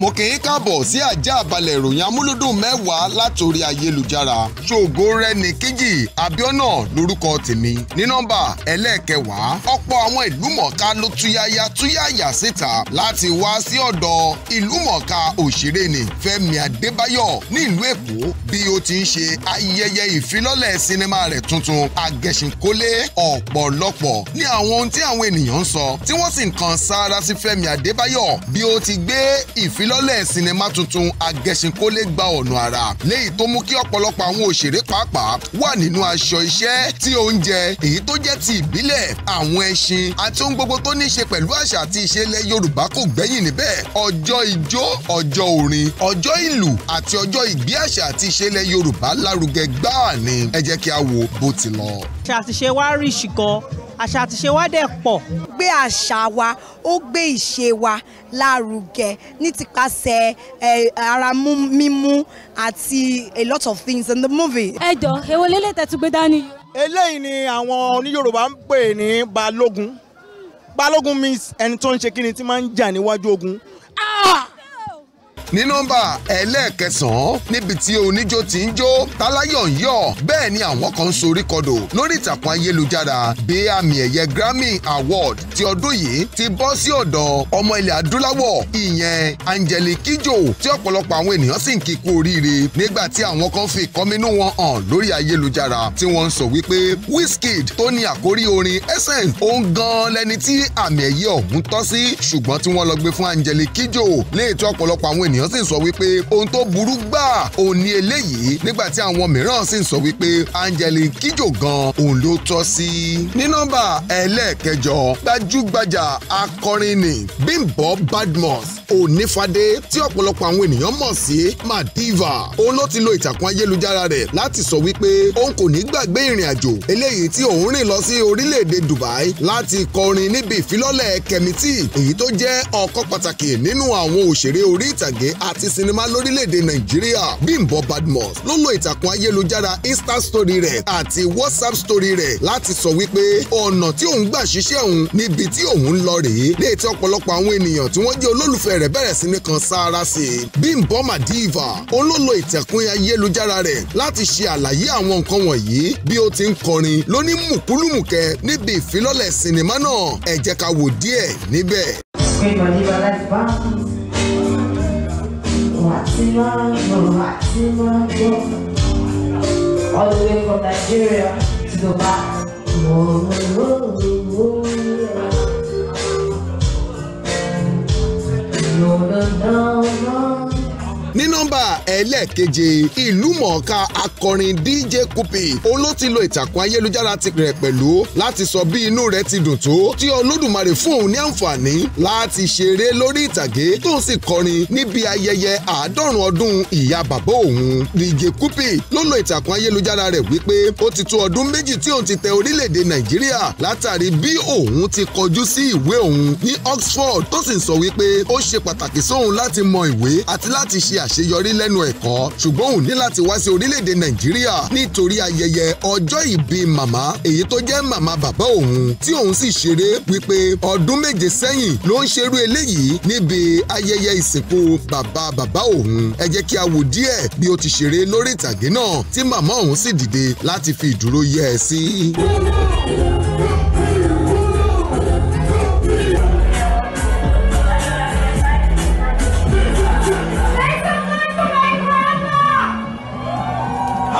mo kì í káàbọ̀ sí àjà àbálẹ̀ ìròyìn amúlùdùn mẹ́wàá látòrí ayélujára ṣògo rẹni kíjì abiona lórúkọ tèmi ní nọ́mbà ẹlẹ́ẹ̀kẹwàá ọ̀pọ̀ àwọn ìlúmọ̀ọ́ká ló túyáyá túyáyá síta láti wá sí ọ̀dọ̀ ìlúmọ̀ọ́ká òṣèré ni Fẹ́mi Adébáyọ̀ ní ìlú Èkó bí ó ti ń ṣe ayẹyẹ ìfilọ́lẹ̀ sinimá rẹ̀ tuntun Agẹṣinkólé ọ̀pọ̀lọpọ̀ ní àwọn ohun tí àwọn ènìyàn ń sọ tí wọ́n sì ń kan sáárá sí Fẹ́mi Adébáyọ̀ bí ó ti gbé ìfil ìfilọ́lẹ̀ sinimá tuntun agẹṣinkólé gba ọ̀nà àrà léyìí tó mú kí ọ̀pọ̀lọpọ̀ àwọn òṣèré pàápàá wà nínú aṣọ iṣẹ́ tí oúnjẹ èyí tó jẹ́ ti ìbílẹ̀ àwọn ẹṣin àti ohun gbogbo tó ní í ṣe pẹ̀lú àṣà àti ìṣe ilẹ̀ Yorùbá kò gbẹ́yìn níbẹ̀ ọjọ́ ijó ọjọ́ orin ọjọ́ ìlú àti ọjọ́ ìgbé àṣà àti ìṣe ilẹ̀ Yorùbá lárugẹ gbáà ni ẹ jẹ́ kí a wo bó ti lọ àṣà àtiṣe wa rich gan àṣà àtiṣe wa dẹ̀ pọ̀. gbé àṣà wa ó gbé ìṣe wa lárugẹ ní tipasẹ̀ ara mímú àti a lot of things in the movie. ẹ jọ èwo lélẹ̀ tẹ́tù gbé dání. eléyìí ni àwọn oníyorùbá ń pè ní balógun balógun means ẹni tó ń ṣe kí ni tí máa ń jà níwájú ogun. Ah! ní nọ́mbà ẹlẹ́ẹ̀kẹsàn-án níbi tí oníjó ti ń jó táláyọ̀ ń yọ̀ bẹ́ẹ̀ ni àwọn kan ń sorí lórí ìtàkùn ayélujára bí àmì ẹ̀yẹ Grammy Award ti ọdún yìí ti bọ́ sí ọ̀dọ̀ ọmọ ilẹ̀ adúláwọ̀ ìyẹn Angelique Kidjo tí ọ̀pọ̀lọpọ̀ àwọn ènìyàn sì ń kí kú oríire nígbà tí àwọn kan fi ìkọminú wọn hàn lórí ayélujára tí wọ́n ń sọ wípé Wizkid tó ní àkórí orin Essence òun gan lẹni tí àmì ẹ̀yẹ ọ̀hún tọ́ sí ṣùgbọ́n tí wọ́n lọ gbé fún Angelique Kidjo léètò ọ̀pọ̀lọpọ̀ àwọn ènìyàn ènìyàn sì ń sọ wípé ohun tó burú gbáà òun ni eléyìí nígbà tí àwọn mìíràn sì ń sọ wípé Angelique Kidjo gan òun ló tọ́ sí. ní nọ́mbà ẹlẹ́ẹ̀kẹjọ gbajúgbajà akọrin ni Bimbo Badmus onífadé tí ọ̀pọ̀lọpọ̀ àwọn ènìyàn mọ̀ sí Madiva òun ló ti lo ìtàkùn ayélujára rẹ̀ láti sọ wípé òun kò ní gbàgbé ìrìn àjò eléyìí tí òun rìn lọ sí orílẹ̀-èdè Dubai láti kọrin níbi ìfilọ́lẹ̀ kẹ̀mítì èyí tó jẹ́ ọ̀kan pàtàkì nínú àwọn òṣèré orí ìtàgé òṣèré àti sinimá lórílẹ̀‐èdè nàìjíríà bímbọ badmus ló lo ìtàkùn ayélujára insta story rẹ̀ àti whatsapp story rẹ̀ láti sọ wípé ọ̀nà tí òun gbà ṣiṣẹ́ òun níbi tí òun lọ rèé léè tí ọ̀pọ̀lọpọ̀ àwọn ènìyàn tí wọ́n jẹ́ olólùfẹ́ rẹ̀ bẹ̀rẹ̀ sí ní kan sáárá sí i bímbọ madiva òun ló lo ìtàkùn ayélujára rẹ̀ láti ṣe àlàyé àwọn nǹkan wọ̀nyí bí ó ti ń kọrin ló ní níbi ìfilọ́lẹ̀ sinimá náà ẹ ká wò díẹ̀ níbẹ̀. Sweet Madiva, let's bounce. Maximum, maximum, maximum. All the way from Nigeria to the back. Oh, oh, oh, oh, oh, No, no, no. nọ́mbà ẹlẹ́ẹ̀keje ìlúmọ̀ọ́ká akọrin DJ Cuppy olóòtú lo ìtàkùn ayélujára ti rẹ̀ pẹ̀lú láti sọ bí inú rẹ̀ ti dùn tó tí olódùmarè fún òun ní àǹfààní láti ṣeré lórí ìtàgé tó sì kọrin níbi ayẹyẹ àádọ́rùn ọdún ìyá bàbá òun DJ Cuppy ló lo ìtàkùn ayélujára rẹ̀ wípé ó ti tó ọdún méjì tí òun ti tẹ orílẹ̀-èdè Nàìjíríà látàrí bí òun ti kọjú sí ìwé òun ní Oxford tó sì sọ wípé ó ṣe pàtàkì sóhun láti mọ ìwé àti àṣeyọrí lẹ́nu ẹ̀kọ́ ṣùgbọ́n òun ní láti wá sí orílẹ̀-èdè nàìjíríà nítorí ayẹyẹ ọjọ́ ìbí màmá èyí tó jẹ́ màmá bàbá òun tí òun sì ṣeré wípé ọdún méje sẹ́yìn ló ń ṣerú eléyìí níbi ayẹyẹ ìsìnkú bàbá bàbá òun ẹ jẹ́ kí a wò díẹ̀ bí ó ti ṣeré lórí ìtàgé náà tí màmá òun sì dìde láti fi ìdúró yẹ́ ẹ sí.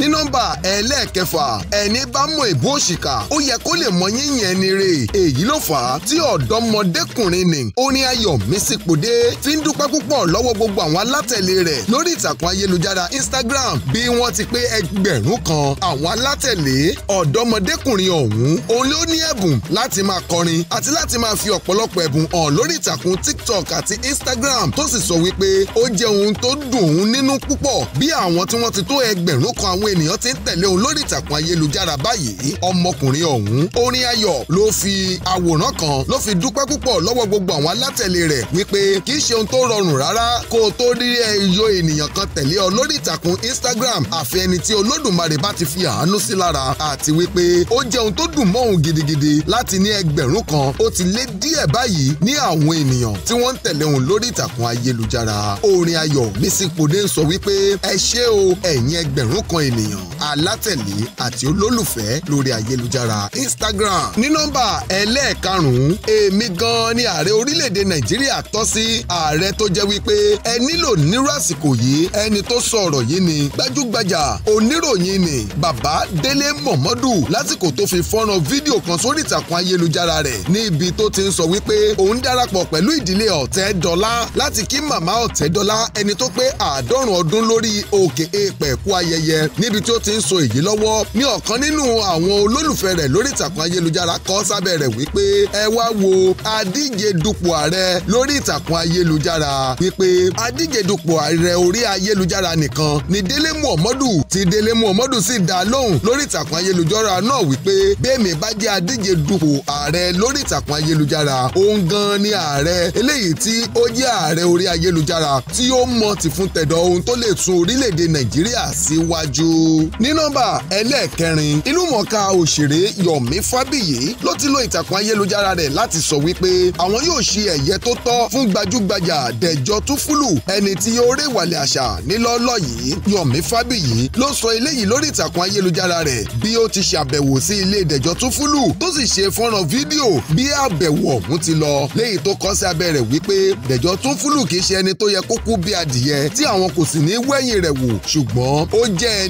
ní nọ́mbà ẹlẹ́ẹ̀kẹfà ẹni bá mọ èbú òṣìkà ó yẹ kó lè mọ yíyan ẹni rè èyí ló fà á tí ọ̀dọ́mọdékùnrin ni orin ayọ̀ mísípòdé fi ń dúpẹ́ púpọ̀ lọ́wọ́ gbogbo àwọn alátẹ̀lé rẹ̀ lórí ìtàkùn ayélujára Instagram bí wọ́n ti pé ẹgbẹ̀rún kan àwọn alátẹ̀lé ọ̀dọ́mọdékùnrin ọ̀hún òun ló ní ẹ̀bùn láti máa kọrin àti láti máa fi ọ̀pọ̀lọpọ̀ ẹ̀bùn hàn lórí ìtàkùn TikTok àti Instagram tó sì sọ wípé ó jẹ́ ohun tó dùn òun nínú púpọ̀ bí àwọn tí wọ́n ti tó ẹgbẹ̀rún kan àwọn àwọn ènìyàn ti ń tẹ̀lé òun lórí ìtàkùn ayélujára báyìí ọmọkùnrin ọ̀hún orin ayọ̀ ló fi àwòrán kan ló fi dúpẹ́ púpọ̀ lọ́wọ́ gbogbo àwọn alátẹ̀lé rẹ̀ wípé kì í ṣe ohun tó rọrùn rárá kó o tó rí ẹyọ ènìyàn kan tẹ̀lé ọ lórí ìtàkùn Instagram àfi ẹni tí Olódùmarè bá ti fi àánú sí lára àti wípé ó jẹ́ ohun tó dùn mọ́ òun gidigidi láti ní ẹgbẹ̀rún kan ó ti lé díẹ̀ báyìí ní àwọn ènìyàn tí wọ́n ń tẹ̀lé òun lórí ìtàkùn ayélujára orin ayọ̀ Bísí Pòdé ń sọ wípé ẹ ṣé o ẹ̀yin ẹgbẹ̀rún kan ènìyàn alátẹ̀lé àti olólùfẹ́ lórí ayélujára Instagram ní nọ́mbà ẹlẹ́ẹ̀karùn-ún èmi gan ni ààrẹ orílẹ̀-èdè Nàìjíríà tọ́ sí ààrẹ tó jẹ́ wípé ẹ nílò nírú àsìkò yìí ẹni tó sọ ọ̀rọ̀ yìí ni gbajúgbajà oníròyìn ni bàbá Délé Mọ̀mọ́dù lásìkò tó fi fọ́nrán fídíò kan sórí ìtàkùn ayélujára rẹ̀ níbi tó ti ń sọ wípé òun darapọ̀ pẹ̀lú ìdílé Ọ̀tẹ́dọ́lá láti kí màmá Ọ̀tẹ́dọ́lá ẹni tó pé àádọ́rùn ọdún lórí òkè èèpẹ̀ kú ayẹyẹ ní níbi tí ó ti ń sọ èyí lọ́wọ́ ní ọ̀kan nínú àwọn olólùfẹ́ rẹ̀ lórí ìtàkùn ayélujára kọ sábẹ́ rẹ̀ wípé ẹ wá wo adíje dupò ààrẹ lórí ìtàkùn ayélujára wípé adíje dupò ààrẹ orí ayélujára nìkan ni Délé Mọ̀mọ́dù tí Délé Mọ̀mọ́dù sì dá lóhùn lórí ìtàkùn ayélujára náà wípé bẹ́ẹ̀mí bá jẹ́ adíje dupò ààrẹ lórí ìtàkùn ayélujára òun gan ni ààrẹ eléyìí tí ó jẹ́ ààrẹ orí ayélujára tí ó mọ̀ tìfun tẹ̀dọ̀ ohun tó lè tún orílẹ̀-èdè Nàìjíríà síwájú ní nọ́mbà ẹlẹ́ẹ̀kẹrin ìlúmọ̀ọ́ká òṣèré Yọ̀mí Fábíyì ló ti lo ìtàkùn ayélujára rẹ̀ láti sọ wípé àwọn yóò ṣe ẹ̀yẹ tó tọ́ fún gbajúgbajà Dẹ̀jọ Túfúlù ẹni tí ó rèwàlẹ̀ àṣà nílọ́lọ́ yìí Yọ̀mí Fábíyì ló sọ eléyìí lórí ìtàkùn ayélujára rẹ̀ bí ó ti ṣàbẹ̀wò sí ilé Dẹ̀jọ Túfúlù tó sì ṣe fọ́nrán fídíò bí àbẹ̀wò ọ̀hún ti lọ léyìí tó kọ́ sí abẹ́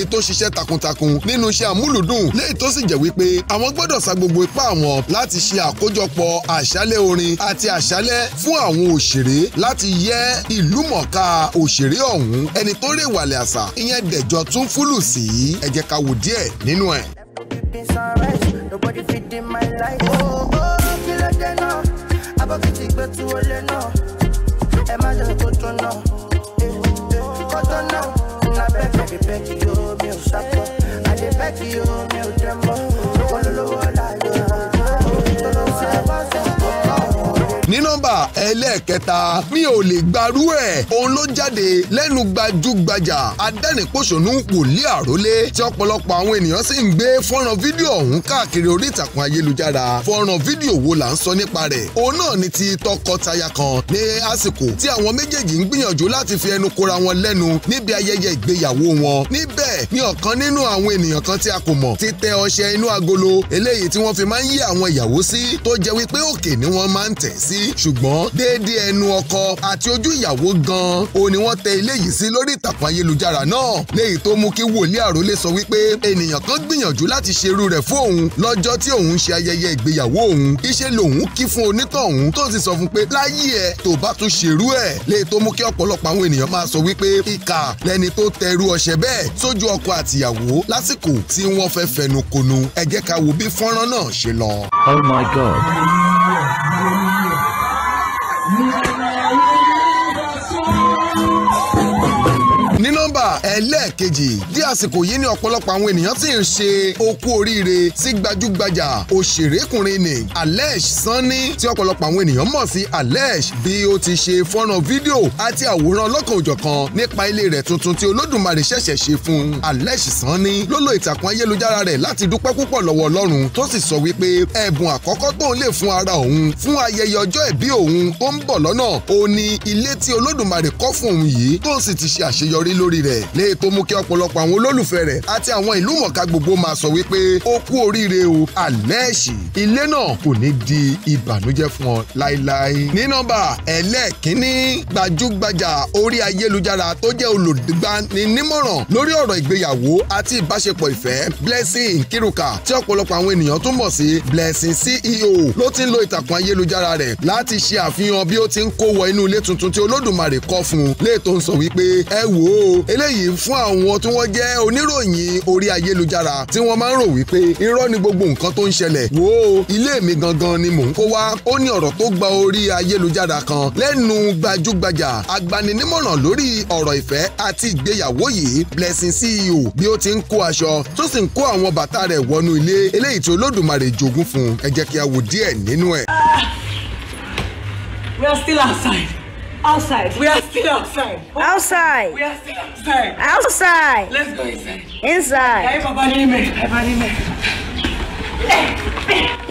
ẹni tó ṣiṣẹ́ takuntakun nínú iṣẹ́ àmúlùdùn léyìí tó sì jẹ́ wípé àwọn gbọ́dọ̀ sa gbogbo ipá wọn láti ṣe àkójọpọ̀ àṣálẹ́ orin àti àṣálẹ́ fún àwọn òṣèré láti yẹ ìlú mọ̀ọ́ká òṣèré ọ̀hún ẹni tó rè wàlẹ̀ àṣà ìyẹn dẹ̀jọ tún fúlù sí ẹ jẹ́ ká wò díẹ̀ nínú ẹ̀. Nobody fit in my life. Oh, oh, kill a now. Abọ́kí ti gbé tu olè náà. Ẹ má jẹ́ kó tó náà. Kó tó náà. Nabẹ́ bẹ́ẹ̀ bẹ́ẹ̀ kí yóò. suffer. I back to you, me tremble. ẹlẹ́ẹ̀kẹta mi ò lè gbarú ẹ̀ òun ló jáde lẹ́nu gbajúgbajà adẹ́nipòṣónú wòlíì àrólé tí ọ̀pọ̀lọpọ̀ àwọn ènìyàn sì ń gbé fọ́nrán fídíò ọ̀hún káàkiri orí ìtàkùn ayélujára fọ́nrán fídíò wo là ń sọ nípa rẹ̀ òun náà ni ti tọkọtaya kan ní àsìkò tí àwọn méjèèjì ń gbìyànjú láti fi ẹnu kóra wọn lẹ́nu níbi ayẹyẹ ìgbéyàwó wọn níbẹ̀ ni ọ̀kan nínú àwọn ènìyàn kan tí a kò mọ̀ ti tẹ ọṣẹ inú agolo eléyìí tí wọ́n fi máa ń yí àwọn ìyàwó sí tó jẹ́ wípé òkè ni wọ́n máa ń ṣùgbọ́n déédéé ẹnu ọkọ àti ojú ìyàwó gan-an ó ní wọ́n tẹ ilé sí lórí ìtàkùn ayélujára náà léyìí tó mú kí wòlíì àròlé sọ wípé ènìyàn kan gbìyànjú láti ṣerú rẹ̀ fún òun lọ́jọ́ tí òun ṣe ayẹyẹ ìgbéyàwó òun iṣẹ́ lòun kí fún onítọ̀hún tó sì sọ fún pé láyé ẹ tó bá tún ṣerú ẹ̀ léyìí tó mú kí ọ̀pọ̀lọpọ̀ àwọn ènìyàn máa sọ wípé ìkà lẹni tó tẹrú ọṣẹ bẹ́ẹ̀ sójú ọkọ àtìyàwó lásìkò tí wọ́n fẹ́ fẹnukonu ẹ jẹ́ ká wo bí fọ́nrán náà ṣe lọ. Oh my God. ẹlẹ́ẹ̀kejì di àsìkò yìí ni ọ̀pọ̀lọpọ̀ àwọn ènìyàn ti ń ṣe okú oríire sí gbajúgbajà òṣèrékùnrin ni Alesh Sanni tí ọ̀pọ̀lọpọ̀ àwọn ènìyàn mọ̀ sí Alesh bí ó ti ṣe fọ́nrán fídíò àti àwòrán ọlọ́kan-ò-jọ̀kan nípa ilé rẹ̀ tuntun tí Olódùmarè ṣẹ̀ṣẹ̀ ṣe fún un Alesh Sanni ló lo ìtàkùn ayélujára rẹ̀ láti dúpẹ́ púpọ̀ lọ́wọ́ Ọlọ́run tó sì sọ wípé ẹ̀bùn àkọ́kọ́ tóun lè fún ara òun fún ayẹyẹ ọjọ́ ìbí òun tó ń bọ̀ lọ́nà òun ni ilé tí Olódùmarè kọ́ fún òun yìí tóun sì ti ṣe àṣeyọrí lórí rẹ̀ lé eléyìí tó mú kí ọ̀pọ̀lọpọ̀ àwọn olólùfẹ́ rẹ̀ àti àwọn ìlú mọ̀ká gbogbo máa sọ wípé ó kú oríire o àlẹ́ẹ̀ṣì ilé náà kò ní di ìbànújẹ́ fún ọ láíláí. ní nọ́mbà ẹlẹ́ẹ̀kínní gbajúgbajà orí ayélujára tó jẹ́ olùgbaninímọ̀ràn lórí ọ̀rọ̀ ìgbéyàwó àti ìbáṣepọ̀ ìfẹ́ Blessing Nkiruka tí ọ̀pọ̀lọpọ̀ àwọn ènìyàn tún mọ̀ sí Blessing CEO ló ti ń lo ìtàkùn ayélujára rẹ̀ láti ṣe àfihàn bí ó ti ń kó inú ilé tuntun tí Olódùmarè kọ́ fún un léètò ń sọ wípé ẹ wò ó eléyìí yìí fún àwọn tí wọ́n jẹ́ oníròyìn orí ayélujára tí wọ́n máa ń rò wípé irọ́ ni gbogbo nǹkan tó ń ṣẹlẹ̀ wò ó ilé mi gangan ni mò ń kó wá ó ní ọ̀rọ̀ tó gba orí ayélujára kan lẹ́nu gbajúgbajà agbaninímọ̀ràn lórí ọ̀rọ̀ ìfẹ́ àti ìgbéyàwó yìí blessing ceo bí ó ti ń kó aṣọ tó sì ń kó àwọn bàtà rẹ̀ wọnú ilé eléyìí tí olódùmarè jogún fún ẹ jẹ́ kí a wò díẹ̀ nínú ẹ̀. we are still outside. Outside. We are still outside. Outside. We are still outside. Outside. Let's go inside. Inside.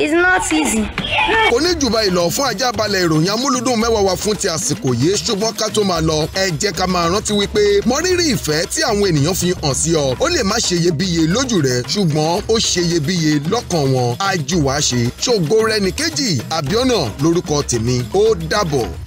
It's not easy. kò ní fún ajábalẹ̀ ìròyìn amúlùdùn mẹ́wàá wa fún ti àsìkò yìí ṣùgbọ́n ká tó máa lọ ẹ ká máa rántí wípé mọrírì ìfẹ́ tí àwọn ènìyàn fi hàn sí ọ ó lè má ṣeyebíye lójú rẹ ṣùgbọ́n ó ṣeyebíye lọ́kàn wọn á jù ṣe ṣògo rẹ nìkejì àbíọ́nà lórúkọ tèmi ó dàbọ̀.